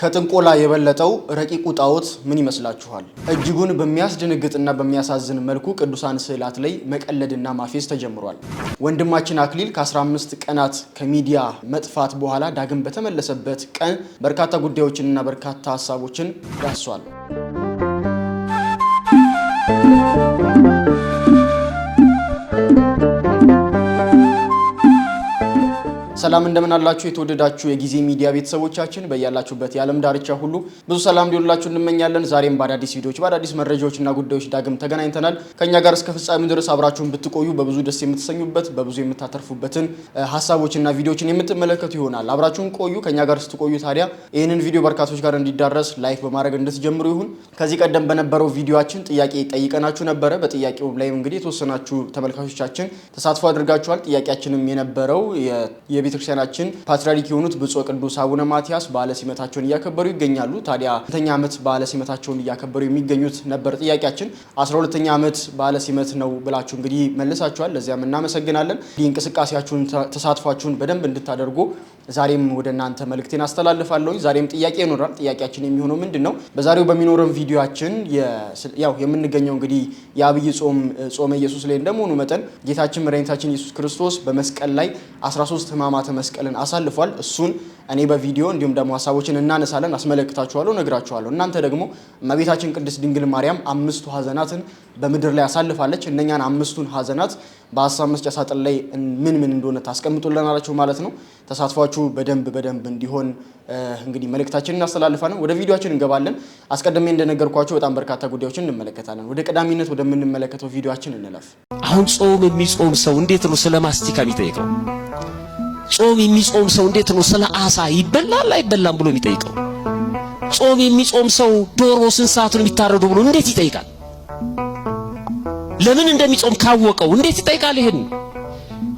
ከጥንቆላ የበለጠው ረቂቁ ጣዖት ምን ይመስላችኋል? እጅጉን በሚያስደነግጥና በሚያሳዝን መልኩ ቅዱሳን ስዕላት ላይ መቀለድና ማፌዝ ተጀምሯል። ወንድማችን አክሊል ከ15 ቀናት ከሚዲያ መጥፋት በኋላ ዳግም በተመለሰበት ቀን በርካታ ጉዳዮችንና በርካታ ሀሳቦችን ዳሷል። ሰላም እንደምን አላችሁ? የተወደዳችሁ የጊዜ ሚዲያ ቤተሰቦቻችን በያላችሁበት የዓለም ዳርቻ ሁሉ ብዙ ሰላም ሊሆንላችሁ እንመኛለን። ዛሬም በአዳዲስ ቪዲዮዎች በአዳዲስ መረጃዎችና ጉዳዮች ዳግም ተገናኝተናል። ከእኛ ጋር እስከ ፍጻሜው ድረስ አብራችሁን ብትቆዩ በብዙ ደስ የምትሰኙበት በብዙ የምታተርፉበትን ሀሳቦችና ቪዲዮዎችን የምትመለከቱ ይሆናል። አብራችሁን ቆዩ። ከእኛ ጋር ስትቆዩ ታዲያ ይህንን ቪዲዮ በርካቶች ጋር እንዲዳረስ ላይክ በማድረግ እንድትጀምሩ ይሁን። ከዚህ ቀደም በነበረው ቪዲዮችን ጥያቄ ጠይቀናችሁ ነበረ። በጥያቄውም ላይም እንግዲህ የተወሰናችሁ ተመልካቾቻችን ተሳትፎ አድርጋችኋል። ጥያቄያችንም የነበረው የቤተ ቤተክርስቲያናችን ፓትርያርክ የሆኑት ብፁዕ ቅዱስ አቡነ ማትያስ በዓለ ሲመታቸውን እያከበሩ ይገኛሉ። ታዲያ ሁለተኛ ዓመት በዓለ ሲመታቸውን እያከበሩ የሚገኙት ነበር ጥያቄያችን። አስራ ሁለተኛ ዓመት በዓለ ሲመት ነው ብላችሁ እንግዲህ መልሳችኋል። ለዚያም እናመሰግናለን። እንግዲህ እንቅስቃሴያችሁን ተሳትፏችሁን በደንብ እንድታደርጉ ዛሬም ወደ እናንተ መልእክቴን አስተላልፋለሁ። ዛሬም ጥያቄ ይኖራል። ጥያቄያችን የሚሆነው ምንድን ነው? በዛሬው በሚኖረን ቪዲዮችን ያው የምንገኘው እንግዲህ የአብይ ጾም ጾመ ኢየሱስ ላይ እንደመሆኑ መጠን ጌታችን መድኃኒታችን ኢየሱስ ክርስቶስ በመስቀል ላይ 13 ህማማተ መስቀልን አሳልፏል። እሱን እኔ በቪዲዮ እንዲሁም ደግሞ ሀሳቦችን እናነሳለን፣ አስመለክታችኋለሁ፣ ነግራችኋለሁ። እናንተ ደግሞ እመቤታችን ቅድስት ድንግል ማርያም አምስቱ ሀዘናትን በምድር ላይ አሳልፋለች። እነኛን አምስቱን ሀዘናት በሀሳብ መስጫ ሳጥን ላይ ምን ምን እንደሆነ ታስቀምጡልናላችሁ ማለት ነው። ተሳትፏችሁ በደንብ በደንብ እንዲሆን እንግዲህ መልእክታችን እናስተላልፋለን። ወደ ቪዲዮችን እንገባለን። አስቀድሜ እንደነገርኳቸው በጣም በርካታ ጉዳዮችን እንመለከታለን። ወደ ቀዳሚነት ወደምንመለከተው ቪዲዮችን እንለፍ። አሁን ጾም የሚጾም ሰው እንዴት ነው ስለ ማስቲካ የሚጠይቀው? ጾም የሚጾም ሰው እንዴት ነው ስለ አሳ ይበላል አይበላም ብሎ የሚጠይቀው? ጾም የሚጾም ሰው ዶሮ ስንት ሰዓት ነው የሚታረደው ብሎ እንዴት ይጠይቃል? ለምን እንደሚጾም ካወቀው እንዴት ይጠይቃል? ይሄን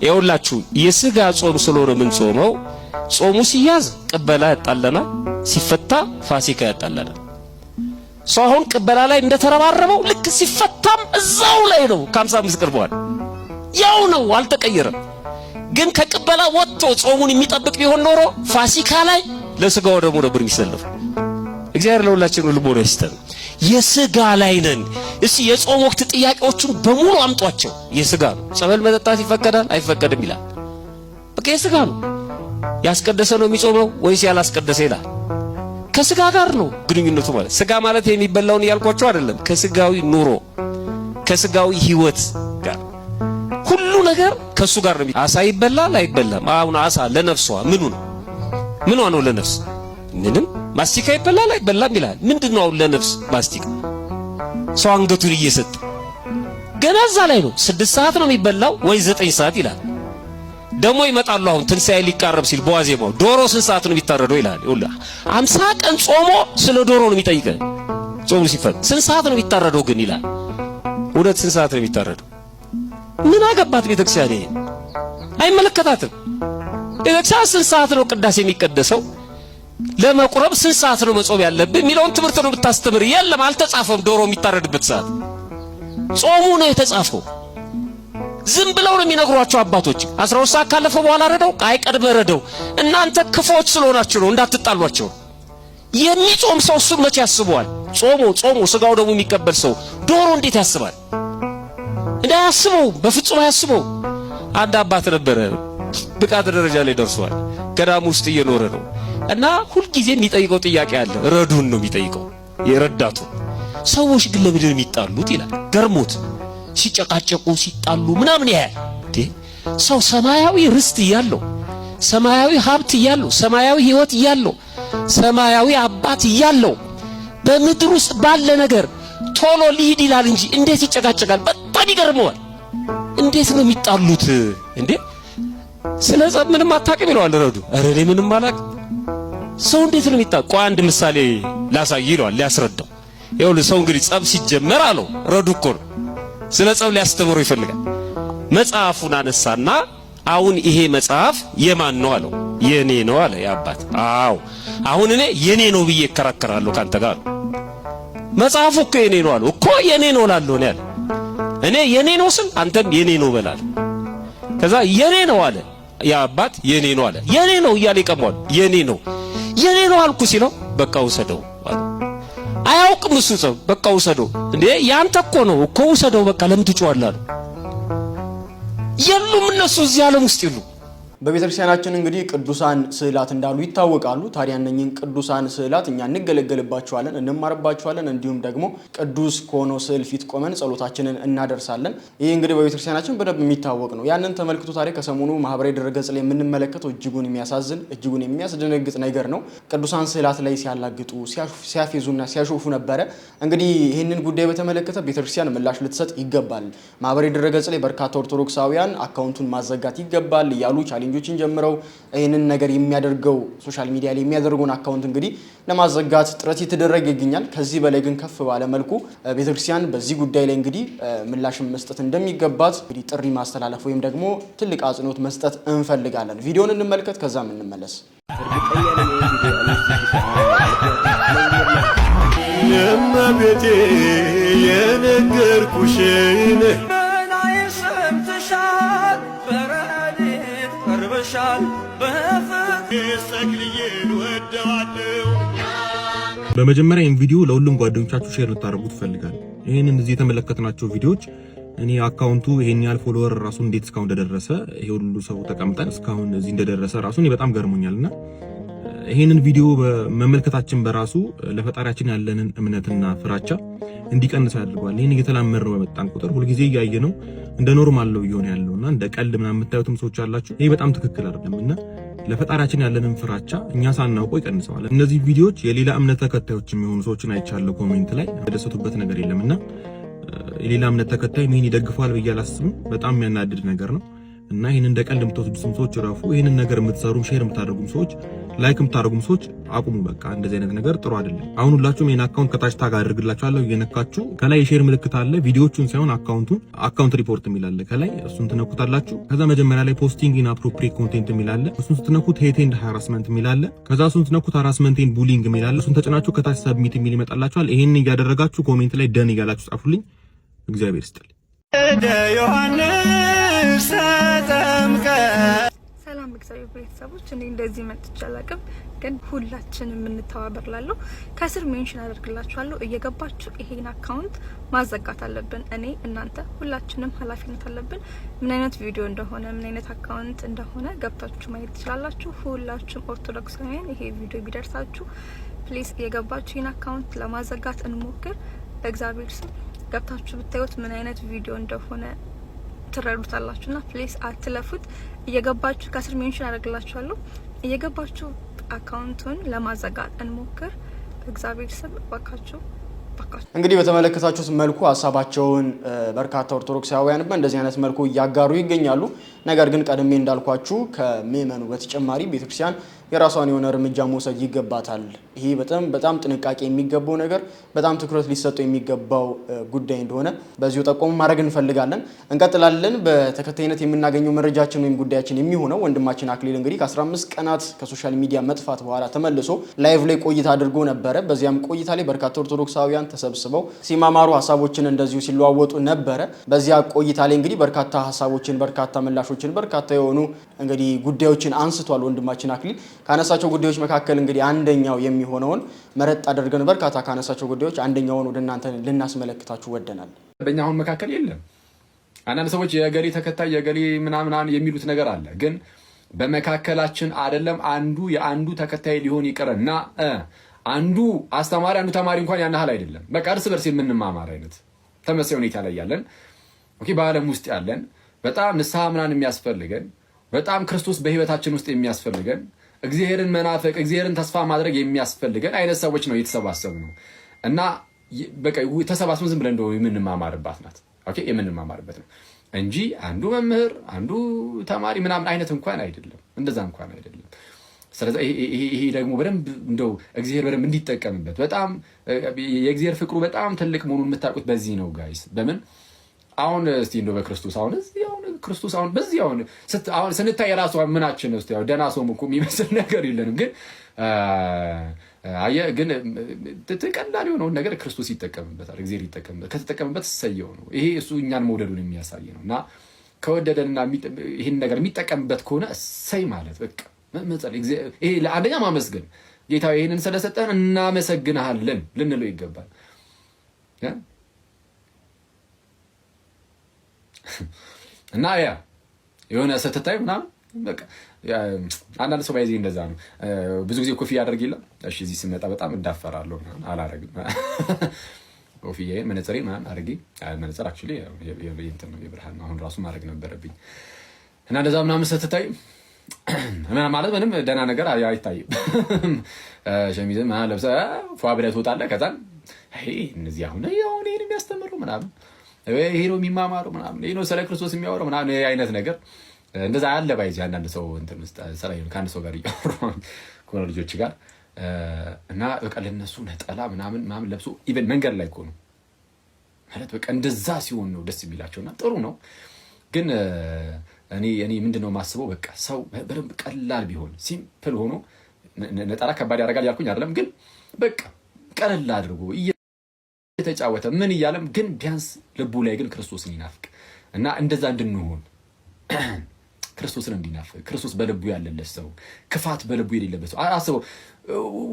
ይኸውላችሁ፣ የስጋ ጾም ስለሆነ ምን ጾመው ጾሙ ሲያዝ ቅበላ ያጣለናል፣ ሲፈታ ፋሲካ ያጣለናል። ሰው አሁን ቅበላ ላይ እንደተረባረበው ልክ ሲፈታም እዛው ላይ ነው። ከአምሳ አምስት ያው ነው፣ አልተቀየረም። ግን ከቅበላ ወጥቶ ጾሙን የሚጠብቅ ቢሆን ኖሮ ፋሲካ ላይ ለስጋ ወደሙ ነበር የሚሰለፉ። እግዚአብሔር ለሁላችን ልቦና ይስጠን። የስጋ ላይ ነን። እስቲ የጾም ወቅት ጥያቄዎቹን በሙሉ አምጧቸው። የስጋ ነው። ጸበል መጠጣት ይፈቀዳል አይፈቀድም ይላል። በቃ የስጋ ነው። ያስቀደሰ ነው የሚጾመው ወይስ ያላስቀደሰ ይላል። ከስጋ ጋር ነው ግንኙነቱ። ማለት ስጋ ማለት የሚበላውን እያልኳቸው አይደለም፣ ከስጋዊ ኑሮ ከስጋዊ ህይወት ጋር ሁሉ ነገር ከሱ ጋር ነው። አሳ ይበላል አይበላም? አሁን አሳ ለነፍሷ ምኑ ነው? ምኗ ነው ለነፍስ? ምንም። ማስቲካ ይበላል አይበላም ይላል። ምንድነው አሁን ለነፍስ ማስቲካ? ሰው አንገቱን እየሰጠ ገና እዛ ላይ ነው። ስድስት ሰዓት ነው የሚበላው ወይ ዘጠኝ ሰዓት ይላል። ደግሞ ይመጣሉ። አሁን ትንሣኤ ሊቃረብ ሲል በዋዜማው ዶሮ ስንት ሰዓት ነው የሚታረደው ይላል። ይኸውልህ አምሳ ቀን ጾሞ ስለ ዶሮ ነው የሚጠይቀን። ጾሙ ሲፈት ስንት ሰዓት ነው የሚታረደው ግን ይላል። እውነት ስንት ሰዓት ነው የሚታረደው? ምን አገባት ቤተክርስቲያን? ይሄ አይመለከታትም። ቤተክርስቲያን ስንት ሰዓት ነው ቅዳሴ የሚቀደሰው? ለመቁረብ ስንት ሰዓት ነው መጾም ያለብህ የሚለውን ትምህርት ነው ብታስተምር። የለም አልተጻፈም። ዶሮ የሚታረድበት ሰዓት ጾሙ ነው የተጻፈው። ዝም ብለው ነው የሚነግሯቸው አባቶች። አስራ ሁለት ሰዓት ካለፈ በኋላ ረደው ቃይ ረደው። እናንተ ክፎች ስለሆናችሁ ነው እንዳትጣሏቸው። የሚጾም ሰው እሱን መቼ ያስበዋል? ጾሞ ጾሞ ስጋው ደግሞ የሚቀበል ሰው ዶሮ እንዴት ያስባል? እንዲህ አያስበው፣ በፍጹም አያስበው። አንድ አባት ነበረ፣ ብቃት ደረጃ ላይ ደርሷል። ገዳም ውስጥ እየኖረ ነው እና ሁልጊዜ የሚጠይቀው ጥያቄ አለ። ረዱን ነው የሚጠይቀው፣ የረዳቱ ሰዎች ግን ለምንድን የሚጣሉት ይላል። ገርሞት ሲጨቃጨቁ ሲጣሉ ምናምን ያህል ሰው ሰማያዊ ርስት እያለው ሰማያዊ ሀብት እያለው ሰማያዊ ሕይወት እያለው ሰማያዊ አባት እያለው በምድር ውስጥ ባለ ነገር ቶሎ ሊሂድ ይላል እንጂ እንዴት ይጨቃጨቃል? በጣም ይገርመዋል። እንዴት ነው የሚጣሉት እንዴ? ስለ ጸብ ምንም አታውቅም ይለዋል ረዱ። ኧረ እኔ ምንም አላውቅም። ሰው እንዴት ነው የሚጣ ቆይ አንድ ምሳሌ ላሳይ ይለዋል ሊያስረዳው። ይኸውልህ ሰው እንግዲህ ጸብ ሲጀመር አለው ረዱ እኮ ነው ስለ ጸብ ሊያስተምረው ይፈልጋል። መጽሐፉን አነሳና አሁን ይሄ መጽሐፍ የማን ነው አለው። የኔ ነው አለ የአባት። አዎ አሁን እኔ የኔ ነው ብዬ እከራከራለሁ ካንተ ጋር። መጽሐፉ እኮ የኔ ነው አለው። እኮ የኔ ነው ላለው ነው ያለ እኔ የኔ ነው ስል አንተም የኔ ነው በላል። ከዛ የኔ ነው አለ ያ አባት የኔ ነው አለ። የኔ ነው እያለ ይቀሟል። የኔ ነው የኔ ነው አልኩ ሲለው በቃ ውሰደው አለ። አያውቅም እሱ ሰው በቃ ውሰደው። እንዴ ያንተ እኮ ነው እኮ ውሰደው በቃ ለምን ትጮዋለህ? የሉም እነሱ እዚህ ዓለም ውስጥ ይሉ። በቤተክርስቲያናችን እንግዲህ ቅዱሳን ስዕላት እንዳሉ ይታወቃሉ። ታዲያ እነኝን ቅዱሳን ስዕላት እኛ እንገለገልባቸዋለን፣ እንማርባቸዋለን እንዲሁም ደግሞ ቅዱስ ከሆነው ስዕል ፊት ቆመን ጸሎታችንን እናደርሳለን። ይህ እንግዲህ በቤተክርስቲያናችን በደንብ የሚታወቅ ነው። ያንን ተመልክቶ ታዲያ ከሰሞኑ ማህበራዊ ድረገጽ ላይ የምንመለከተው እጅጉን የሚያሳዝን እጅጉን የሚያስደነግጥ ነገር ነው። ቅዱሳን ስዕላት ላይ ሲያላግጡ፣ ሲያፌዙና ሲያሾፉ ነበረ። እንግዲህ ይህንን ጉዳይ በተመለከተ ቤተክርስቲያን ምላሽ ልትሰጥ ይገባል። ማህበራዊ ድረገጽ ላይ በርካታ ኦርቶዶክሳውያን አካውንቱን ማዘጋት ይገባል እያሉ ቻሌንጆችን ጀምረው ይህንን ነገር የሚያደርገው ሶሻል ሚዲያ ላይ የሚያደርገውን አካውንት እንግዲህ ለማዘጋት ጥረት የተደረገ ይገኛል። ከዚህ በላይ ግን ከፍ ባለ መልኩ ቤተክርስቲያን በዚህ ጉዳይ ላይ እንግዲህ ምላሽን መስጠት እንደሚገባት እንግዲህ ጥሪ ማስተላለፍ ወይም ደግሞ ትልቅ አጽንኦት መስጠት እንፈልጋለን። ቪዲዮን እንመልከት፣ ከዛም እንመለስ። የእመቤቴ የነገርኩሽን ይሻል በፍቅር በመጀመሪያ ይህን ቪዲዮ ለሁሉም ጓደኞቻችሁ ሼር ልታደርጉት እፈልጋለሁ። ይህንን እዚህ የተመለከትናቸው ቪዲዮዎች እኔ አካውንቱ ይሄን ያህል ፎሎወር ራሱ እንዴት እስካሁን እንደደረሰ ይሄ ሁሉ ሰው ተቀምጠን እስካሁን እዚህ እንደደረሰ ራሱ እኔ በጣም ገርሞኛልና ይህንን ቪዲዮ መመልከታችን በራሱ ለፈጣሪያችን ያለንን እምነትና ፍራቻ እንዲቀንስ ያደርገዋል። ይህን እየተላመድነው ነው በመጣን ቁጥር ሁልጊዜ እያየ ነው እንደ ኖርማል ነው እየሆነ ያለው እና እንደ ቀልድ ምናምን የምታዩትም ሰዎች አላችሁ። ይህ በጣም ትክክል አይደለም እና ለፈጣሪያችን ያለንን ፍራቻ እኛ ሳናውቀው ይቀንሰዋል። እነዚህ ቪዲዮዎች የሌላ እምነት ተከታዮች የሚሆኑ ሰዎችን አይቻለሁ። ኮሜንት ላይ የደሰቱበት ነገር የለም እና የሌላ እምነት ተከታይ ምን ይደግፈዋል ብዬ አላስብም። በጣም የሚያናድድ ነገር ነው። እና ይህን እንደ ቀልድ የምትወስዱትም ሰዎች ረፉ። ይህንን ነገር የምትሰሩም ሼር የምታደርጉም ሰዎች ላይክ የምታደርጉም ሰዎች አቁሙ። በቃ እንደዚህ አይነት ነገር ጥሩ አይደለም። አሁን ሁላችሁም ይህን አካውንት ከታች ታግ አድርግላችኋለሁ። እየነካችሁ ከላይ የሼር ምልክት አለ። ቪዲዮቹን ሳይሆን አካውንቱን አካውንት ሪፖርት የሚላለ ከላይ እሱን ትነኩታላችሁ። ከዛ መጀመሪያ ላይ ፖስቲንግ ኢንአፕሮፕሪት ኮንቴንት የሚላለ እሱን ስትነኩት ሄት ኤንድ ሃራስመንት የሚላለ ከዛ እሱን ስትነኩት ሃራስመንት ኤንድ ቡሊንግ የሚላለ እሱን ተጭናችሁ ከታች ሰብሚት የሚል ይመጣላችኋል። ይህን እያደረጋችሁ ኮሜንት ላይ ደን እያላችሁ ጻፉልኝ። እግዚአብሔር ይስጥልኝ። ነፍሰ ጠምቀ ሰላም እግዚአብሔር ቤተሰቦች፣ እኔ እንደዚህ መጥቼ አላቅም፣ ግን ሁላችንም እንተባበር ላለሁ ከስር ሜንሽን አደርግላችኋለሁ። እየገባችሁ ይሄን አካውንት ማዘጋት አለብን። እኔ እናንተ ሁላችንም ኃላፊነት አለብን። ምን አይነት ቪዲዮ እንደሆነ ምን አይነት አካውንት እንደሆነ ገብታችሁ ማየት ትችላላችሁ። ሁላችሁም ኦርቶዶክሳውያን ይሄ ቪዲዮ ቢደርሳችሁ ፕሊስ እየገባችሁ ይህን አካውንት ለማዘጋት እንሞክር። በእግዚአብሔር ስም ገብታችሁ ብታዩት ምን አይነት ቪዲዮ እንደሆነ ትረዱታላችሁ። ና ፕሌስ አትለፉት። እየገባችሁ ከስር ሜንሽን ያደርግላችኋለሁ። እየገባችሁ አካውንቱን ለማዘጋት እንሞክር። በእግዚአብሔር ስም ባካችሁ። እንግዲህ በተመለከታችሁት መልኩ ሀሳባቸውን በርካታ ኦርቶዶክሳውያን በእንደዚህ አይነት መልኩ እያጋሩ ይገኛሉ። ነገር ግን ቀድሜ እንዳልኳችሁ ከምዕመኑ በተጨማሪ ቤተክርስቲያን የራሷን የሆነ እርምጃ መውሰድ ይገባታል። ይሄ በጣም በጣም ጥንቃቄ የሚገባው ነገር፣ በጣም ትኩረት ሊሰጠው የሚገባው ጉዳይ እንደሆነ በዚሁ ጠቆሙ ማድረግ እንፈልጋለን። እንቀጥላለን። በተከታይነት የምናገኘው መረጃችን ወይም ጉዳያችን የሚሆነው ወንድማችን አክሊል እንግዲህ ከ15 ቀናት ከሶሻል ሚዲያ መጥፋት በኋላ ተመልሶ ላይቭ ላይ ቆይታ አድርጎ ነበረ። በዚያም ቆይታ ላይ በርካታ ኦርቶዶክሳውያን ተሰብስበው ሲማማሩ ሀሳቦችን እንደዚሁ ሲለዋወጡ ነበረ። በዚያ ቆይታ ላይ እንግዲህ በርካታ ሀሳቦችን፣ በርካታ ምላሾችን፣ በርካታ የሆኑ እንግዲህ ጉዳዮችን አንስቷል ወንድማችን አክሊል ካነሳቸው ጉዳዮች መካከል እንግዲህ አንደኛው የሚሆነውን መረጥ አድርገን በርካታ ካነሳቸው ጉዳዮች አንደኛውን ወደ እናንተ ልናስመለክታችሁ ወደናል። በእኛ አሁን መካከል የለም። አንዳንድ ሰዎች የገሌ ተከታይ የገሌ ምናምናን የሚሉት ነገር አለ። ግን በመካከላችን አይደለም። አንዱ የአንዱ ተከታይ ሊሆን ይቅርና አንዱ አስተማሪ አንዱ ተማሪ እንኳን ያን ያህል አይደለም። በቃ እርስ በርስ የምንማማር አይነት ተመሳሳይ ሁኔታ ላይ ያለን በዓለም ውስጥ ያለን በጣም ንስሐ ምናን የሚያስፈልገን በጣም ክርስቶስ በህይወታችን ውስጥ የሚያስፈልገን እግዚአብሔርን መናፈቅ፣ እግዚአብሔርን ተስፋ ማድረግ የሚያስፈልገን አይነት ሰዎች ነው እየተሰባሰቡ ነው እና በቃ ተሰባስበን ዝም ብለን የምንማማርባት ናት የምንማማርበት ነው እንጂ አንዱ መምህር አንዱ ተማሪ ምናምን አይነት እንኳን አይደለም፣ እንደዛ እንኳን አይደለም። ስለዚህ ይሄ ደግሞ በደንብ እንደው እግዚአብሔር በደንብ እንዲጠቀምበት በጣም የእግዚአብሔር ፍቅሩ በጣም ትልቅ መሆኑን የምታውቁት በዚህ ነው ጋይስ። በምን አሁን እስቲ እንደው በክርስቶስ አሁን እዚያው ክርስቶስ አሁን በዚህ አሁን አሁን ስንታይ የራሱ ምናችን ውስጥ ያው ደህና ሰውም እኮ የሚመስል ነገር የለንም። ግን አየህ ግን ቀላል የሆነውን ነገር ክርስቶስ ይጠቀምበታል፣ እግዚአብሔር ይጠቀምበት ከተጠቀምበት ሰየው ነው። ይሄ እሱ እኛን መውደዱን የሚያሳይ ነው እና ከወደደንና ይህን ነገር የሚጠቀምበት ከሆነ እሰይ ማለት በቃ ይሄ ለአንደኛ ማመስገን ጌታ ይህንን ስለሰጠን እናመሰግንሃለን ልንለው ይገባል። እና ያ የሆነ ስትታይ ምናምን አንዳንድ ሰው ባይዜ እንደዛ ነው። ብዙ ጊዜ ኮፍያ አደርግ የለም። እሺ እዚህ ስመጣ በጣም እንዳፈራለሁ። አላረግም ኮፍያ መነፅሬ ምናምን አድርጌ መነፅር አክቹዋሊ እንትን ነው የብርሃን አሁን ራሱ ማድረግ ነበረብኝ እና እንደዛ ምናምን ስትታይ ማለት ምንም ደህና ነገር አይታይም። ሸሚዝ ለብሰህ ፏ ብለህ ትወጣለህ። ከዛን እነዚህ አሁን ሁን ይህን የሚያስተምሩ ምናምን ይሄ ነው የሚማማረው ምናምን፣ ይሄ ነው ስለ ክርስቶስ የሚያወሩ ምናምን አይነት ነገር እንደዛ አለ ባይዚ አንዳንድ ሰው ከአንድ ሰው ጋር እያወሩ ከሆነ ልጆች ጋር እና በቃ ለነሱ ነጠላ ምናምን ምናምን ለብሶ ኢቨን መንገድ ላይ ከሆኑ ማለት በቃ እንደዛ ሲሆን ነው ደስ የሚላቸውና ጥሩ ነው። ግን እኔ እኔ ምንድን ነው ማስበው በቃ ሰው በደንብ ቀላል ቢሆን ሲምፕል ሆኖ ነጠላ ከባድ ያደርጋል ያልኩኝ አይደለም፣ ግን በቃ ቀለል አድርጎ እየተጫወተ ምን እያለም ግን ቢያንስ ልቡ ላይ ግን ክርስቶስን ይናፍቅ እና እንደዛ እንድንሆን ክርስቶስን እንዲናፍቅ ክርስቶስ በልቡ ያለለት ሰው፣ ክፋት በልቡ የሌለበት ሰው አስበው።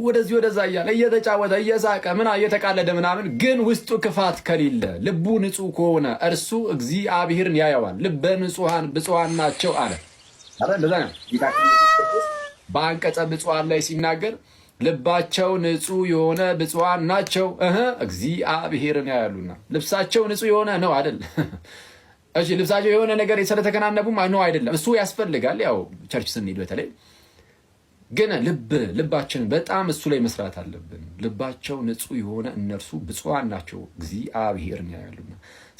ወደዚህ ወደዛ እያለ እየተጫወተ እየሳቀ ምና እየተቃለደ ምናምን ግን ውስጡ ክፋት ከሌለ ልቡ ንጹሕ ከሆነ እርሱ እግዚአብሔርን ያየዋል። ልበ ንጹሐን ብፁዓን ናቸው አለ። በአንቀጸ ብፁዓን ላይ ሲናገር ልባቸው ንጹህ የሆነ ብፁዓን ናቸው እግዚአብሔርን ያሉና። ልብሳቸው ንጹሕ የሆነ ነው አይደል? እሺ ልብሳቸው የሆነ ነገር ስለተከናነቡ ነው አይደለም። እሱ ያስፈልጋል፣ ያው ቸርች ስንሄድ በተለይ ግን ልብ ልባችን በጣም እሱ ላይ መስራት አለብን። ልባቸው ንጹሕ የሆነ እነርሱ ብፁዓን ናቸው እግዚአብሔርን ያሉና።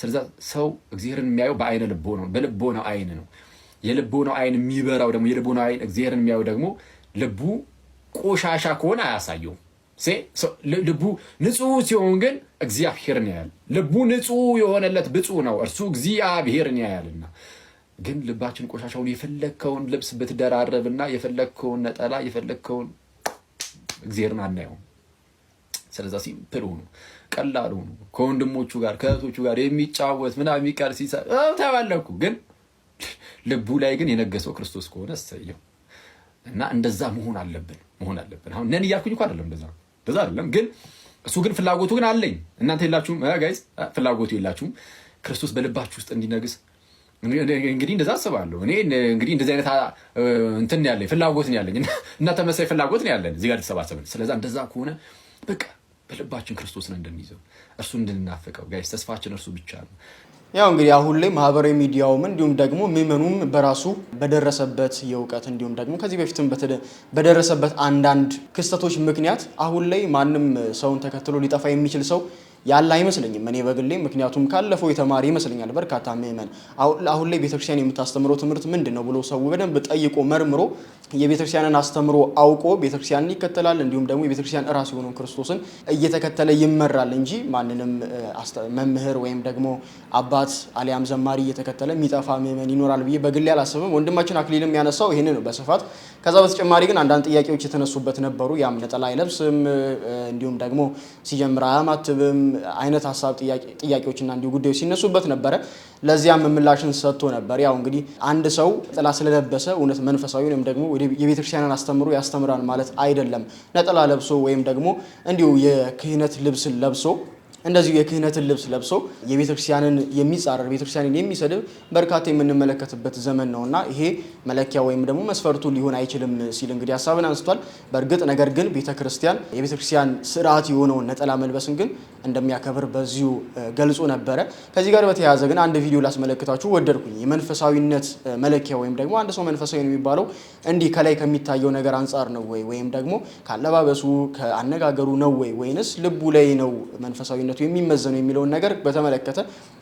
ስለዛ ሰው እግዚአብሔርን የሚያየው በአይነ ልቦ ነው፣ ነው አይን ነው። ነው አይን የሚበራው ደግሞ ነው አይን እግዚአብሔርን የሚያየው ደግሞ ልቡ ቆሻሻ ከሆነ አያሳየውም። ልቡ ንጹህ ሲሆን ግን እግዚአብሔርን ያያል። ልቡ ንጹህ የሆነለት ብፁ ነው እርሱ እግዚአብሔርን ያያልና። ግን ልባችን ቆሻሻውን የፈለግከውን ልብስ ብትደራረብና የፈለግከውን ነጠላ የፈለግከውን እግዚአብሔርን አናየውም። ስለዛ ሲምፕል ሆኑ፣ ቀላል ሆኑ። ከወንድሞቹ ጋር ከእህቶቹ ጋር የሚጫወት ምና የሚቀር ሲሳ ተባለኩ። ግን ልቡ ላይ ግን የነገሰው ክርስቶስ ከሆነ እሰየው። እና እንደዛ መሆን አለብን መሆን አለብን። አሁን ነን እያልኩኝ እኮ አይደለም፣ እንደዛ እንደዛ አይደለም። ግን እሱ ግን ፍላጎቱ ግን አለኝ። እናንተ የላችሁም ጋይስ ፍላጎቱ የላችሁም። ክርስቶስ በልባችሁ ውስጥ እንዲነግስ እንግዲህ እንደዛ አስባለሁ እኔ። እንግዲህ እንደዚህ አይነት እንትን ያለኝ ፍላጎት ነው ያለኝ እና ተመሳይ ፍላጎት ነው ያለን እዚህ ጋር ተሰባሰብን። ስለዛ እንደዛ ከሆነ በቃ በልባችን ክርስቶስን እንድንይዘው እርሱ እንድንናፍቀው ጋይስ፣ ተስፋችን እርሱ ብቻ ነው። ያው እንግዲህ አሁን ላይ ማህበራዊ ሚዲያውም እንዲሁም ደግሞ ምዕመኑም በራሱ በደረሰበት የእውቀት እንዲሁም ደግሞ ከዚህ በፊትም በደረሰበት አንዳንድ ክስተቶች ምክንያት አሁን ላይ ማንም ሰውን ተከትሎ ሊጠፋ የሚችል ሰው ያለ አይመስለኝም እኔ በግሌ። ምክንያቱም ካለፈው የተማሪ ይመስለኛል በርካታ ምዕመን አሁን ላይ ቤተክርስቲያን የምታስተምረው ትምህርት ምንድን ነው ብሎ ሰው በደንብ ጠይቆ መርምሮ የቤተክርስቲያንን አስተምሮ አውቆ ቤተክርስቲያንን ይከተላል። እንዲሁም ደግሞ የቤተክርስቲያን እራሱ የሆነውን ክርስቶስን እየተከተለ ይመራል እንጂ ማንንም መምህር ወይም ደግሞ አባት አሊያም ዘማሪ እየተከተለ የሚጠፋ ምዕመን ይኖራል ብዬ በግሌ አላስብም። ወንድማችን አክሊልም ያነሳው ይህን ነው በስፋት። ከዛ በተጨማሪ ግን አንዳንድ ጥያቄዎች የተነሱበት ነበሩ። ያም ነጠላ አይለብስም እንዲሁም ደግሞ ሲጀምር አያማትብም አይነት ሀሳብ ጥያቄዎችና እንዲሁ ጉዳዮች ሲነሱበት ነበረ። ለዚያም ምላሽን ሰጥቶ ነበር። ያው እንግዲህ አንድ ሰው ነጠላ ስለለበሰ እውነት መንፈሳዊ ወይም ደግሞ የቤተክርስቲያንን አስተምሮ ያስተምራል ማለት አይደለም። ነጠላ ለብሶ ወይም ደግሞ እንዲሁ የክህነት ልብስን ለብሶ እንደዚሁ የክህነትን ልብስ ለብሶ የቤተክርስቲያንን የሚጻረር ቤተክርስቲያንን የሚሰድብ በርካታ የምንመለከትበት ዘመን እና ይሄ መለኪያ ወይም ደግሞ መስፈርቱ ሊሆን አይችልም ሲል እንግዲህ ሀሳብን አንስቷል። በእርግጥ ነገር ግን ቤተክርስቲያን የቤተክርስቲያን ስርዓት የሆነውን ነጠላ መልበስን ግን እንደሚያከብር በዚሁ ገልጾ ነበረ። ከዚህ ጋር በተያያዘ ግን አንድ ቪዲዮ ላስመለክታችሁ ወደድኩኝ። የመንፈሳዊነት መለኪያ ወይም ደግሞ አንድ ሰው መንፈሳዊ ነው የሚባለው እንዲህ ከላይ ከሚታየው ነገር አንጻር ነው ወይ ወይም ደግሞ ካለባበሱ ከአነጋገሩ ነው ወይ ወይንስ ልቡ ላይ ነው መንፈሳዊነት ተፈላጊነቱ የሚመዘኑ የሚለውን ነገር በተመለከተ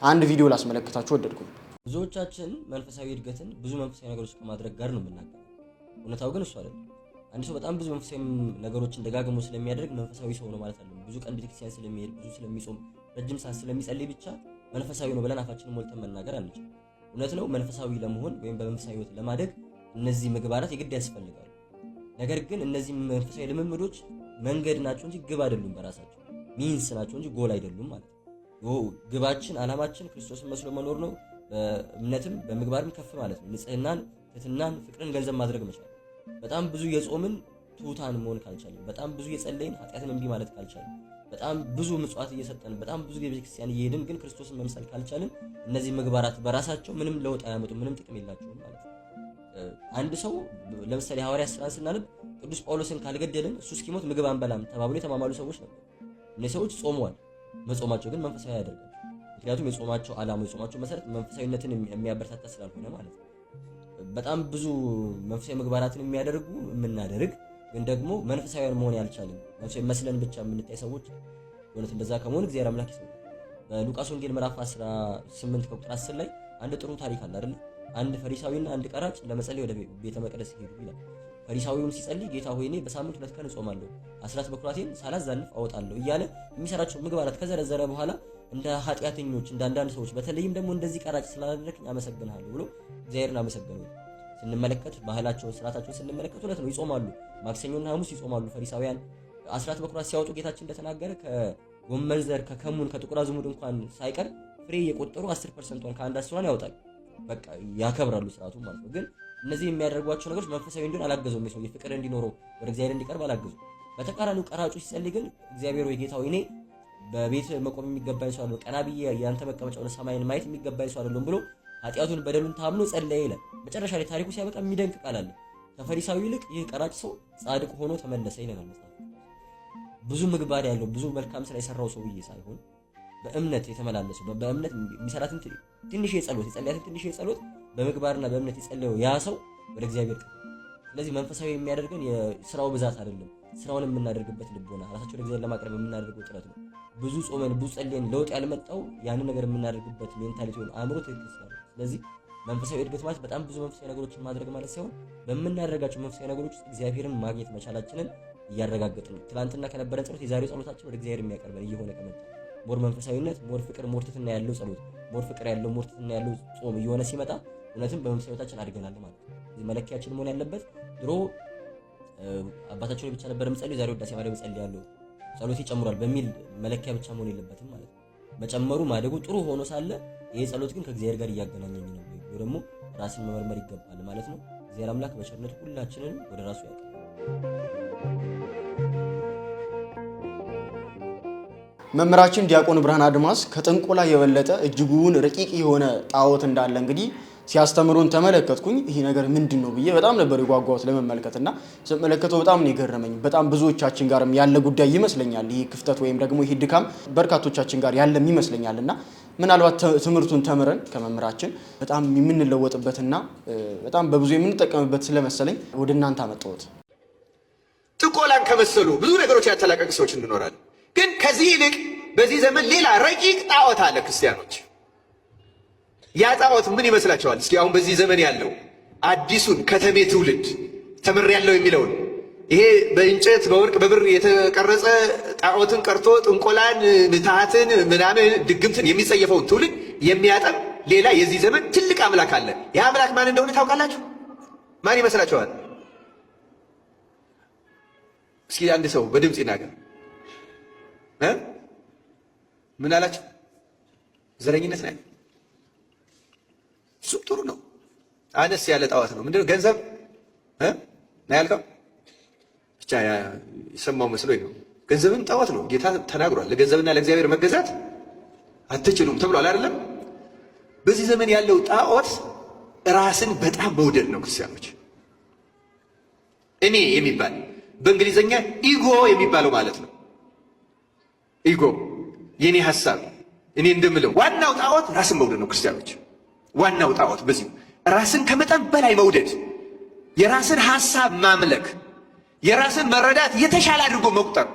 አንድ ቪዲዮ ላስመለከታችሁ ወደድኩኝ። ብዙዎቻችን መንፈሳዊ እድገትን ብዙ መንፈሳዊ ነገሮች ከማድረግ ጋር ነው የምናገር። እውነታው ግን እሱ አይደለም። አንድ ሰው በጣም ብዙ መንፈሳዊ ነገሮችን ደጋግሞ ስለሚያደርግ መንፈሳዊ ሰው ነው ማለት አለም። ብዙ ቀን ቤተክርስቲያን ስለሚሄድ፣ ብዙ ስለሚጾም፣ ረጅም ሰዓት ስለሚጸልይ ብቻ መንፈሳዊ ነው ብለን አፋችንን ሞልተን መናገር አንችል። እውነት ነው መንፈሳዊ ለመሆን ወይም በመንፈሳዊ ህይወት ለማደግ እነዚህ ምግባራት የግድ ያስፈልጋሉ። ነገር ግን እነዚህ መንፈሳዊ ልምምዶች መንገድ ናቸው እንጂ ግብ አይደሉም በራሳቸው ሚንስ ናቸው እንጂ ጎል አይደሉም ማለት ነው። ግባችን አላማችን ክርስቶስን መስሎ መኖር ነው። በእምነትም በምግባርም ከፍ ማለት ነው። ንጽህናን፣ ትህትናን፣ ፍቅርን ገንዘብ ማድረግ መቻል። በጣም ብዙ የጾምን ትሑታን መሆን ካልቻለን፣ በጣም ብዙ የጸለይን ኃጢአትን እንቢ ማለት ካልቻለን፣ በጣም ብዙ ምጽዋት እየሰጠን በጣም ብዙ ቤተክርስቲያን እየሄድን ግን ክርስቶስን መምሰል ካልቻለን እነዚህ ምግባራት በራሳቸው ምንም ለውጥ አያመጡ ምንም ጥቅም የላቸውም ማለት ነው። አንድ ሰው ለምሳሌ ሐዋርያ ስራን ስናነብ ቅዱስ ጳውሎስን ካልገደልን እሱ እስኪሞት ምግብ አንበላም ተባብሎ የተማማሉ ሰዎች ነበር። እነዚህ ሰዎች ጾመዋል። መጾማቸው ግን መንፈሳዊ ያደርጋል። ምክንያቱም የጾማቸው ዓላማ የጾማቸው መሰረት መንፈሳዊነትን የሚያበረታታ ስላልሆነ ማለት ነው። በጣም ብዙ መንፈሳዊ ምግባራትን የሚያደርጉ የምናደርግ ግን ደግሞ መንፈሳዊያን መሆን ያልቻለን መንፈሳዊ መስለን ብቻ የምንታይ ሰዎች እውነት እንደዛ ከመሆን እግዚአብሔር አምላክ ይሰው። በሉቃስ ወንጌል ምዕራፍ 18 ቁጥር 10 ላይ አንድ ጥሩ ታሪክ አለ አይደል? አንድ ፈሪሳዊና አንድ ቀራጭ ለመጸለይ ወደ ቤተ መቅደስ ሄዱ ይላል። ፈሪሳዊውም ሲጸልይ ጌታ ሆይ እኔ በሳምንት ሁለት ቀን እጾማለሁ፣ አስራት በኩራቴን ሳላዛንፍ አወጣለሁ እያለ የሚሰራቸው ምግባራት ከዘረዘረ በኋላ እንደ ኃጢአተኞች እንደ አንዳንድ ሰዎች በተለይም ደግሞ እንደዚህ ቀራጭ ስላደረግኝ አመሰግንሃለሁ ብሎ እግዚአብሔርን አመሰገነው። ስንመለከት ባህላቸውን ስርዓታቸውን ስንመለከት ሁለት ነው፣ ይጾማሉ። ማክሰኞና ሐሙስ ይጾማሉ ፈሪሳውያን። አስራት በኩራት ሲያወጡ ጌታችን እንደተናገረ ከጎመን ዘር ከከሙን ከጥቁር አዝሙድ እንኳን ሳይቀር ፍሬ የቆጠሩ 10 ፐርሰንቷን ከአንድ አስሯን ያወጣል። በቃ ያከብራሉ ስርዓቱን ማለት ነው ግን እነዚህ የሚያደርጓቸው ነገሮች መንፈሳዊ እንዲሆን አላገዘውም። ሰው የፍቅር እንዲኖረው ወደ እግዚአብሔር እንዲቀርብ አላገዙ። በተቃራኒው ቀራጩ ሲጸልይ ግን እግዚአብሔር ወይ ጌታ እኔ በቤት መቆም የሚገባኝ ሰው አይደለም፣ ቀና ብዬ ያንተ መቀመጫ ወደ ሰማይን ማየት የሚገባኝ ሰው አይደለም ብሎ ኃጢአቱን በደሉን ታምኖ ጸለየ ይላል። መጨረሻ ላይ ታሪኩ ሲያበቃ የሚደንቅ ቃል አለ። ከፈሪሳዊ ይልቅ ይህ ቀራጭ ሰው ጻድቅ ሆኖ ተመለሰ ይለናል መጽሐፍ። ብዙ ምግባር ያለው ብዙ መልካም ስራ የሰራው ሰውዬ ሳይሆን በእምነት የተመላለሰው በእምነት የሚሰራትን ትንሽ የጸሎት የጸለያትን ትንሽ የጸሎት በምግባርና በእምነት የጸለየው ያ ሰው ወደ እግዚአብሔር ቀርቧል። ስለዚህ መንፈሳዊ የሚያደርገን የስራው ብዛት አይደለም፣ ስራውን የምናደርግበት ልቦና፣ ራሳቸው ለእግዚአብሔር ለማቅረብ የምናደርገው ጥረት ነው። ብዙ ጾመን ብዙ ጸልየን ለውጥ ያልመጣው ያንን ነገር የምናደርግበት ሜንታሊቲ ወይም አእምሮ ትክክል ስላለ። ስለዚህ መንፈሳዊ እድገት ማለት በጣም ብዙ መንፈሳዊ ነገሮችን ማድረግ ማለት ሳይሆን በምናደርጋቸው መንፈሳዊ ነገሮች ውስጥ እግዚአብሔርን ማግኘት መቻላችንን እያረጋገጥ ነው። ትላንትና ከነበረን ጸሎት የዛሬው ጸሎታችን ወደ እግዚአብሔር የሚያቀርበን እየሆነ ከመጣ ሞር መንፈሳዊነት፣ ሞር ፍቅር፣ ሞር ትህትና ያለው ጸሎት፣ ሞር ፍቅር ያለው ሞር ትህትና ያለው ጾም እየሆነ ሲመጣ እውነትም በመንፈሳዊ ሕይወታችን አድገናል ማለት ነው። እዚህ መለኪያችን መሆን ያለበት ድሮ አባታችን ብቻ ነበር የምጸልዩ፣ ዛሬ ወዳሴ ማርያም ይጸልያሉ፣ ጸሎት ይጨምሯል በሚል መለኪያ ብቻ መሆን የለበትም ማለት ነው። መጨመሩ ማደጉ ጥሩ ሆኖ ሳለ ይሄ ጸሎት ግን ከእግዚአብሔር ጋር እያገናኘኝ ነው ወይ ደግሞ ራስን መመርመር ይገባል ማለት ነው። እግዚአብሔር አምላክ በቸርነት ሁላችንን ወደ ራሱ ያውቃል። መምህራችን ዲያቆን ብርሃን አድማስ ከጥንቆላ የበለጠ እጅጉን ረቂቅ የሆነ ጣዖት እንዳለ እንግዲህ ሲያስተምሩን ተመለከትኩኝ። ይሄ ነገር ምንድን ነው ብዬ በጣም ነበር የጓጓሁት ለመመልከት እና ስመለከተው በጣም ነው የገረመኝ። በጣም ብዙዎቻችን ጋርም ያለ ጉዳይ ይመስለኛል። ይህ ክፍተት ወይም ደግሞ ይሄ ድካም በርካቶቻችን ጋር ያለም ይመስለኛል እና ምናልባት ትምህርቱን ተምረን ከመምህራችን በጣም የምንለወጥበትና በጣም በብዙ የምንጠቀምበት ስለመሰለኝ ወደ እናንተ አመጣሁት። ጥቆላን ከመሰሉ ብዙ ነገሮች ያተላቀቅ ሰዎች እንኖራለን። ግን ከዚህ ይልቅ በዚህ ዘመን ሌላ ረቂቅ ጣዖት አለ ክርስቲያኖች ያ ጣዖት ምን ይመስላችኋል? እስኪ አሁን በዚህ ዘመን ያለው አዲሱን ከተሜ ትውልድ ያለው የሚለውን ይሄ በእንጨት በወርቅ በብር የተቀረጸ ጣዖትን ቀርቶ ጥንቆላን፣ ምትሃትን፣ ምናምን ድግምትን የሚጸየፈውን ትውልድ የሚያጠም ሌላ የዚህ ዘመን ትልቅ አምላክ አለ። ያ አምላክ ማን እንደሆነ ታውቃላችሁ? ማን ይመስላችኋል? እስኪ አንድ ሰው በድምፅ ይናገር። ምን አላችሁ? ዘረኝነት ነው። እሱም ጥሩ ነው። አነስ ያለ ጣዖት ነው። ምንድነው ገንዘብ ና ያልከው? ብቻ የሰማው መስሎኝ ነው። ገንዘብም ጣዖት ነው። ጌታ ተናግሯል። ለገንዘብና ለእግዚአብሔር መገዛት አትችሉም ተብሏል አይደለም? በዚህ ዘመን ያለው ጣዖት ራስን በጣም መውደድ ነው። ክርስቲያኖች እኔ የሚባል በእንግሊዘኛ ኢጎ የሚባለው ማለት ነው። ኢጎ የኔ ሀሳብ፣ እኔ እንደምለው ዋናው ጣዖት ራስን መውደድ ነው ክርስቲያኖች ዋናው ጣዖት በዚሁ ራስን ከመጠን በላይ መውደድ፣ የራስን ሐሳብ ማምለክ፣ የራስን መረዳት የተሻለ አድርጎ መቁጠር፣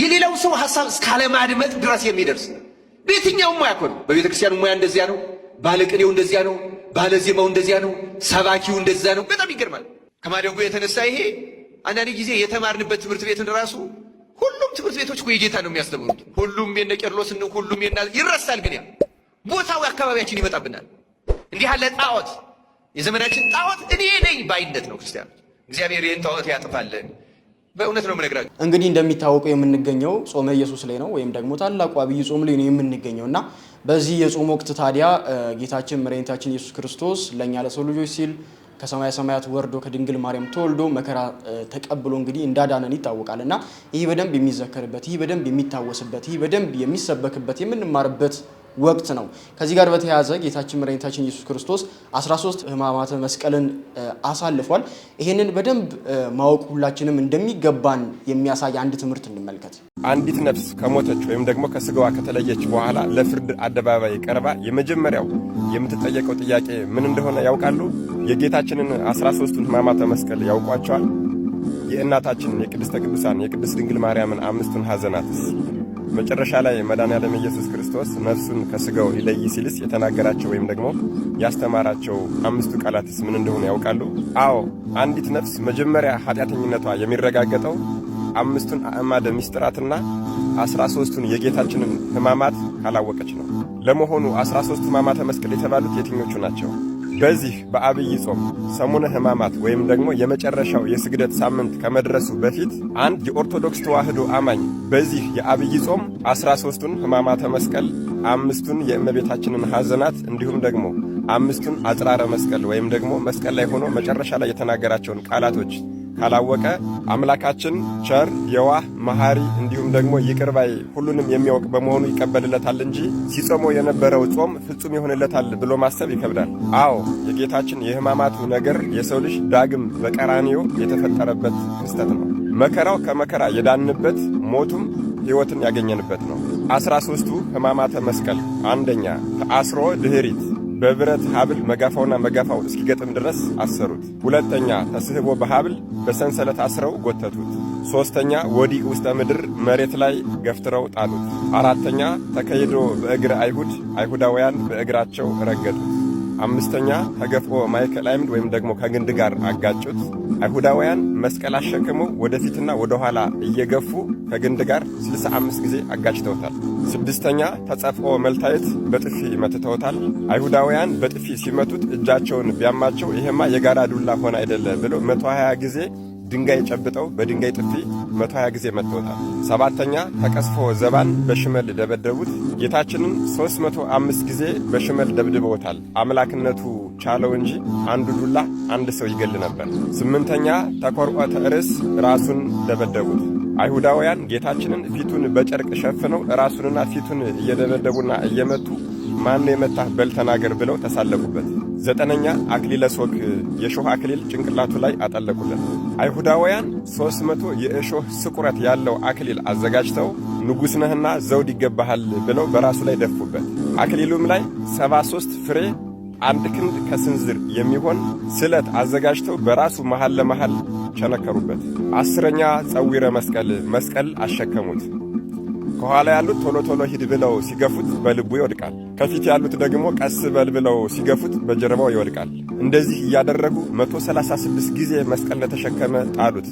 የሌላው ሰው ሐሳብ እስካለማድመጥ ድረስ የሚደርስ በየትኛውም ሙያ እኮ ነው። በቤተ ክርስቲያኑ ሙያ እንደዚያ ነው። ባለቅኔው እንደዚያ ነው። ባለዜማው እንደዚያ ነው። ሰባኪው እንደዚያ ነው። በጣም ይገርማል። ከማደጉ የተነሳ ይሄ አንዳንድ ጊዜ የተማርንበት ትምህርት ቤት ራሱ ሁሉም ትምህርት ቤቶች እኮ የጌታ ነው የሚያስተምሩት። ሁሉም የነ ቄርሎስን ሁሉም ይረሳል። ግን ያ ቦታው አካባቢያችን ይመጣብናል። እንዲህ ያለ ጣዖት የዘመናችን ጣዖት እኔ ነኝ ባይነት ነው ክርስቲያኖች። እግዚአብሔር ይህን ጣዖት ያጥፋልን። በእውነት ነው የምነግራችሁ። እንግዲህ እንደሚታወቀው የምንገኘው ጾመ ኢየሱስ ላይ ነው፣ ወይም ደግሞ ታላቁ አብይ ጾም ላይ ነው የምንገኘው እና በዚህ የጾም ወቅት ታዲያ ጌታችን መድኃኒታችን ኢየሱስ ክርስቶስ ለእኛ ለሰው ልጆች ሲል ከሰማይ ሰማያት ወርዶ ከድንግል ማርያም ተወልዶ መከራ ተቀብሎ እንግዲህ እንዳዳነን ይታወቃል እና ይህ በደንብ የሚዘከርበት ይህ በደንብ የሚታወስበት ይህ በደንብ የሚሰበክበት የምንማርበት ወቅት ነው። ከዚህ ጋር በተያያዘ ጌታችን መድኃኒታችን ኢየሱስ ክርስቶስ 13 ሕማማተ መስቀልን አሳልፏል። ይህንን በደንብ ማወቅ ሁላችንም እንደሚገባን የሚያሳይ አንድ ትምህርት እንመልከት። አንዲት ነፍስ ከሞተች ወይም ደግሞ ከስጋዋ ከተለየች በኋላ ለፍርድ አደባባይ ቀርባ የመጀመሪያው የምትጠየቀው ጥያቄ ምን እንደሆነ ያውቃሉ? የጌታችንን 13ቱን ሕማማተ መስቀል ያውቋቸዋል? የእናታችንን የቅድስተ ቅዱሳን የቅድስት ድንግል ማርያምን አምስቱን ሐዘናትስ መጨረሻ ላይ መድኃኔዓለም ኢየሱስ ክርስቶስ ነፍሱን ከስጋው ይለይ ሲልስ የተናገራቸው ወይም ደግሞ ያስተማራቸው አምስቱ ቃላትስ ምን እንደሆነ ያውቃሉ? አዎ አንዲት ነፍስ መጀመሪያ ኃጢአተኝነቷ የሚረጋገጠው አምስቱን አእማደ ምስጢራትና አስራ ሦስቱን የጌታችንን ሕማማት ካላወቀች ነው። ለመሆኑ አስራ ሦስቱ ሕማማተ መስቀል የተባሉት የትኞቹ ናቸው? በዚህ በአብይ ጾም ሰሙነ ሕማማት ወይም ደግሞ የመጨረሻው የስግደት ሳምንት ከመድረሱ በፊት አንድ የኦርቶዶክስ ተዋሕዶ አማኝ በዚህ የአብይ ጾም አስራ ሦስቱን ሕማማተ መስቀል አምስቱን የእመቤታችንን ሐዘናት እንዲሁም ደግሞ አምስቱን አጽራረ መስቀል ወይም ደግሞ መስቀል ላይ ሆኖ መጨረሻ ላይ የተናገራቸውን ቃላቶች ካላወቀ አምላካችን ቸር፣ የዋህ፣ መሐሪ እንዲሁም ደግሞ ይቅርባይ ሁሉንም የሚያውቅ በመሆኑ ይቀበልለታል እንጂ ሲጾመው የነበረው ጾም ፍጹም ይሆንለታል ብሎ ማሰብ ይከብዳል። አዎ የጌታችን የሕማማቱ ነገር የሰው ልጅ ዳግም በቀራንዮ የተፈጠረበት ክስተት ነው። መከራው ከመከራ የዳንበት ሞቱም ሕይወትን ያገኘንበት ነው። አስራ ሦስቱ ሕማማተ መስቀል አንደኛ ተአስሮ ድኅሪት በብረት ሀብል መጋፋውና መጋፋው እስኪገጥም ድረስ አሰሩት። ሁለተኛ ተስህቦ በሀብል በሰንሰለት አስረው ጎተቱት። ሦስተኛ ወዲህ ውስጠ ምድር መሬት ላይ ገፍትረው ጣሉት። አራተኛ ተከይዶ በእግር አይሁድ አይሁዳውያን በእግራቸው ረገጡት። አምስተኛ ተገፍሮ ማይከል አይምድ ወይም ደግሞ ከግንድ ጋር አጋጩት። አይሁዳውያን መስቀል አሸክመው ወደፊትና ወደኋላ እየገፉ ከግንድ ጋር 65 ጊዜ አጋጭተውታል። ስድስተኛ ተጸፍኦ መልታየት በጥፊ መትተውታል። አይሁዳውያን በጥፊ ሲመቱት እጃቸውን ቢያማቸው ይሄማ የጋራ ዱላ ሆነ አይደለ ብሎ 120 ጊዜ ድንጋይ ጨብጠው በድንጋይ ጥፊ መቶ ሀያ ጊዜ መጥተውታል። ሰባተኛ ተቀስፎ ዘባን በሽመል ደበደቡት። ጌታችንን ሦስት መቶ አምስት ጊዜ በሽመል ደብድበውታል። አምላክነቱ ቻለው እንጂ አንዱ ዱላ አንድ ሰው ይገል ነበር። ስምንተኛ ተኰርዖተ ርዕስ ራሱን ደበደቡት። አይሁዳውያን ጌታችንን ፊቱን በጨርቅ ሸፍነው ራሱንና ፊቱን እየደበደቡና እየመቱ ማን የመታህ በል ተናገር ብለው ተሳለቁበት። ዘጠነኛ አክሊለ ሶክ የእሾህ አክሊል ጭንቅላቱ ላይ አጠለቁለት። አይሁዳውያን ሦስት መቶ የእሾህ ስቁረት ያለው አክሊል አዘጋጅተው ንጉሥ ነህና ዘውድ ይገባሃል ብለው በራሱ ላይ ደፉበት። አክሊሉም ላይ ሰባ ሦስት ፍሬ አንድ ክንድ ከስንዝር የሚሆን ስለት አዘጋጅተው በራሱ መሃል ለመሃል ቸነከሩበት። አስረኛ ጸዊረ መስቀል መስቀል አሸከሙት። ከኋላ ያሉት ቶሎ ቶሎ ሂድ ብለው ሲገፉት በልቡ ይወድቃል። ከፊት ያሉት ደግሞ ቀስ በል ብለው ሲገፉት በጀርባው ይወድቃል። እንደዚህ እያደረጉ 136 ጊዜ መስቀል ለተሸከመ ጣሉት።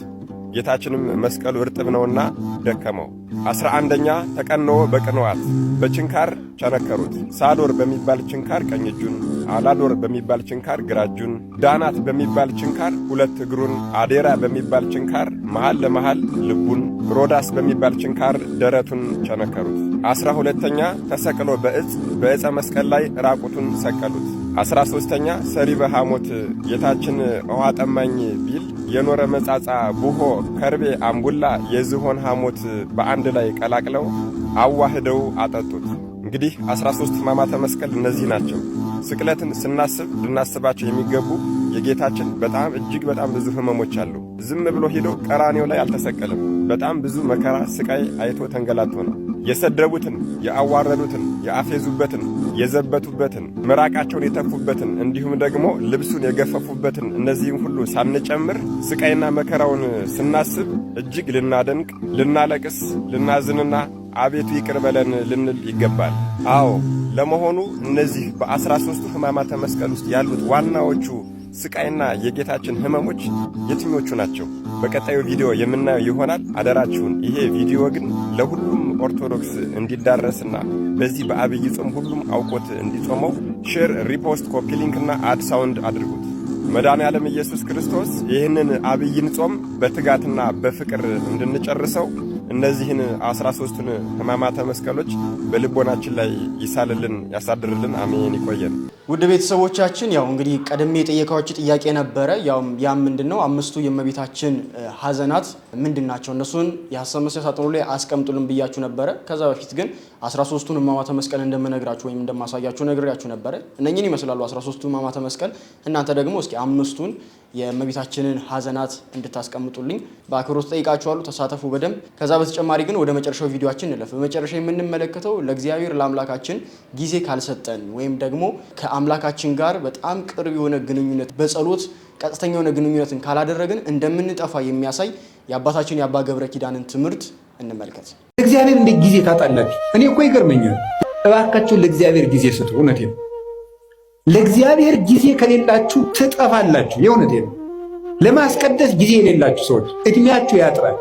ጌታችንም መስቀሉ እርጥብ ነውና ደከመው። አስራ አንደኛ ተቀኖ በቅንዋት በችንካር ቸነከሩት። ሳዶር በሚባል ችንካር ቀኝ እጁን፣ አላዶር በሚባል ችንካር ግራ እጁን፣ ዳናት በሚባል ችንካር ሁለት እግሩን፣ አዴራ በሚባል ችንካር መሃል ለመሃል ልቡን፣ ሮዳስ በሚባል ችንካር ደረቱን ቸነከሩት። አስራ ሁለተኛ ተሰቅሎ በእጽ በዕፀ መስቀል ላይ ራቁቱን ሰቀሉት። አስራ ሶስተኛ ሰሪ በሐሞት ጌታችን ውሃ ጠማኝ ቢል የኖረ መጻጻ ቡሆ ከርቤ አምቡላ የዝሆን ሐሞት በአንድ ላይ ቀላቅለው አዋህደው አጠጡት። እንግዲህ አስራ ሶስት ሕማማተ መስቀል እነዚህ ናቸው። ስቅለትን ስናስብ ልናስባቸው የሚገቡ የጌታችን በጣም እጅግ በጣም ብዙ ሕመሞች አሉ። ዝም ብሎ ሂዶ ቀራኔው ላይ አልተሰቀለም። በጣም ብዙ መከራ ስቃይ አይቶ ተንገላቶ ነው። የሰደቡትን፣ የአዋረዱትን፣ የአፌዙበትን፣ የዘበቱበትን፣ ምራቃቸውን የተፉበትን እንዲሁም ደግሞ ልብሱን የገፈፉበትን እነዚህም ሁሉ ሳንጨምር ስቃይና መከራውን ስናስብ እጅግ ልናደንቅ፣ ልናለቅስ፣ ልናዝንና አቤቱ ይቅር በለን ልንል ይገባል። አዎ ለመሆኑ እነዚህ በአስራ ሦስቱ ሕማማተ መስቀል ውስጥ ያሉት ዋናዎቹ ስቃይና የጌታችን ህመሞች የትኞቹ ናቸው? በቀጣዩ ቪዲዮ የምናየው ይሆናል። አደራችሁን። ይሄ ቪዲዮ ግን ለሁሉም ኦርቶዶክስ እንዲዳረስና በዚህ በአብይ ጾም ሁሉም አውቆት እንዲጾመው ሼር፣ ሪፖስት፣ ኮፒ ሊንክና አድ ሳውንድ አድርጉት። መዳን ያለም ኢየሱስ ክርስቶስ ይህንን አብይን ጾም በትጋትና በፍቅር እንድንጨርሰው እነዚህን አስራ ሶስቱን ህማማተ መስቀሎች በልቦናችን ላይ ይሳልልን ያሳድርልን፣ አሜን። ይቆየን። ውድ ቤተሰቦቻችን ያው እንግዲህ ቀደም የጠየቃዎች ጥያቄ ነበረ። ያም ምንድን ነው አምስቱ የእመቤታችን ሀዘናት ምንድን ናቸው? እነሱን የሀሳብ መስጫ ሳጥኑ ላይ አስቀምጡልን ብያችሁ ነበረ። ከዛ በፊት ግን 13ቱን ሕማማተ መስቀል እንደምነግራችሁ ወይም እንደማሳያችሁ ነግሬያችሁ ነበረ። እነኝን ይመስላሉ 13ቱ ሕማማተ መስቀል። እናንተ ደግሞ እስኪ አምስቱን የእመቤታችንን ሀዘናት እንድታስቀምጡልኝ በአክብሮት ጠይቃችኋሉ። ተሳተፉ በደንብ። ከዛ በተጨማሪ ግን ወደ መጨረሻው ቪዲዮችን እንለፍ። በመጨረሻ የምንመለከተው ለእግዚአብሔር ለአምላካችን ጊዜ ካልሰጠን ወይም ደግሞ ከአምላካችን ጋር በጣም ቅርብ የሆነ ግንኙነት በጸሎት ቀጥተኛ የሆነ ግንኙነትን ካላደረግን እንደምንጠፋ የሚያሳይ የአባታችን የአባ ገብረ ኪዳንን ትምህርት እንመልከት። እግዚአብሔር እንደ ጊዜ ታጣላችሁ። እኔ እኮ ይገርመኛል። እባካችሁ ለእግዚአብሔር ጊዜ ስጡ። እውነቴ ነው። ለእግዚአብሔር ጊዜ ከሌላችሁ ትጠፋላችሁ። የእውነቴ ነው። ለማስቀደስ ጊዜ የሌላችሁ ሰዎች እድሜያችሁ ያጥራል።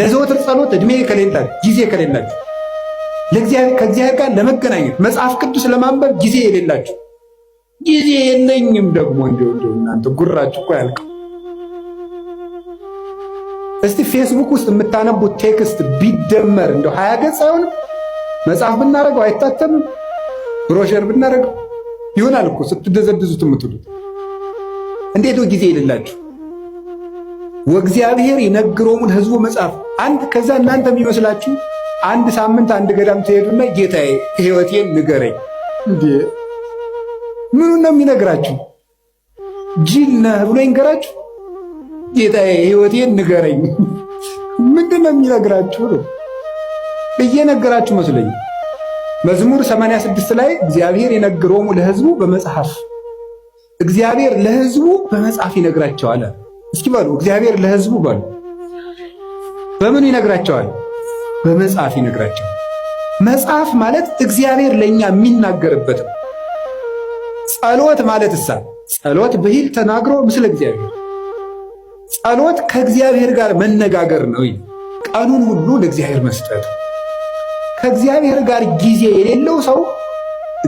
ለዘወትር ጸሎት እድሜ ከሌላችሁ ጊዜ ከሌላችሁ ከእግዚአብሔር ጋር ለመገናኘት መጽሐፍ ቅዱስ ለማንበብ ጊዜ የሌላችሁ ጊዜ የለኝም ደግሞ እንዲሁ እናንተ ጉራችሁ እኮ ያልቅ። እስቲ ፌስቡክ ውስጥ የምታነቡት ቴክስት ቢደመር እንደው ሀያ ገጽ አይሆንም። መጽሐፍ ብናደርገው አይታተምም። ብሮሸር ብናደርገው ይሆናል እኮ ስትደዘድዙት የምትሉት እንዴት ጊዜ የሌላችሁ ወእግዚአብሔር የነግረውን ህዝቡ መጽሐፍ አንድ ከዛ እናንተ የሚመስላችሁ አንድ ሳምንት አንድ ገዳም ትሄዱና ጌታዬ ህይወቴን ንገረኝ እንዴ ምኑን ነው የሚነግራችሁ? ጅል ነህ ብሎ ይንገራችሁ? ጌታዬ ህይወቴን ንገረኝ። ምንድን ነው የሚነግራችሁ? እየነገራችሁ መስለኝ። መዝሙር 86 ላይ እግዚአብሔር የነግሮሙ ለህዝቡ በመጽሐፍ እግዚአብሔር ለህዝቡ በመጽሐፍ ይነግራቸዋል። እስኪ በሉ እግዚአብሔር ለህዝቡ በሉ በምኑ ይነግራቸዋል? በመጽሐፍ ይነግራቸዋል። መጽሐፍ ማለት እግዚአብሔር ለእኛ የሚናገርበት ነው። ጸሎት ማለት እሳ ጸሎት ብሂል ተናግሮ ምስለ እግዚአብሔር ጸሎት ከእግዚአብሔር ጋር መነጋገር ነው። ቀኑን ሁሉ ለእግዚአብሔር መስጠት ከእግዚአብሔር ጋር ጊዜ የሌለው ሰው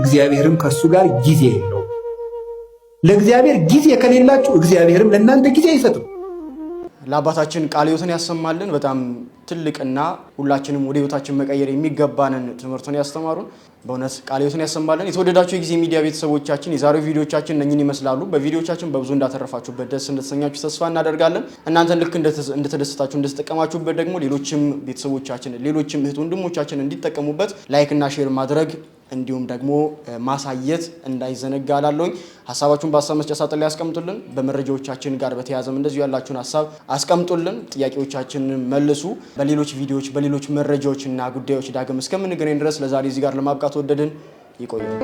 እግዚአብሔርም ከእሱ ጋር ጊዜ የለው። ለእግዚአብሔር ጊዜ ከሌላችሁ እግዚአብሔርም ለእናንተ ጊዜ አይሰጥም። ለአባታችን ቃለ ሕይወትን ያሰማልን። በጣም ትልቅና ሁላችንም ወደ ሕይወታችን መቀየር የሚገባንን ትምህርቱን ያስተማሩን በእውነት ቃለ ሕይወትን ያሰማልን። የተወደዳችሁ የጊዜ ሚዲያ ቤተሰቦቻችን የዛሬው ቪዲዮቻችን እነኝን ይመስላሉ። በቪዲዮቻችን በብዙ እንዳተረፋችሁበት ደስ እንደተሰኛችሁ ተስፋ እናደርጋለን። እናንተን ልክ እንደተደሰታችሁ እንደተጠቀማችሁበት ደግሞ ሌሎችም ቤተሰቦቻችን ሌሎችም እህት ወንድሞቻችን እንዲጠቀሙበት ላይክ እና ሼር ማድረግ እንዲሁም ደግሞ ማሳየት እንዳይዘነጋ አላለሁኝ። ሀሳባችሁን በሀሳብ መስጫ ሳጥን ላይ አስቀምጡልን። በመረጃዎቻችን ጋር በተያያዘም እንደዚሁ ያላችሁን ሀሳብ አስቀምጡልን፣ ጥያቄዎቻችንን መልሱ። በሌሎች ቪዲዮዎች በሌሎች መረጃዎችና ጉዳዮች ዳግም እስከምንገናኝ ድረስ ለዛሬ እዚህ ጋር ለማብቃት ወደድን። ይቆያል።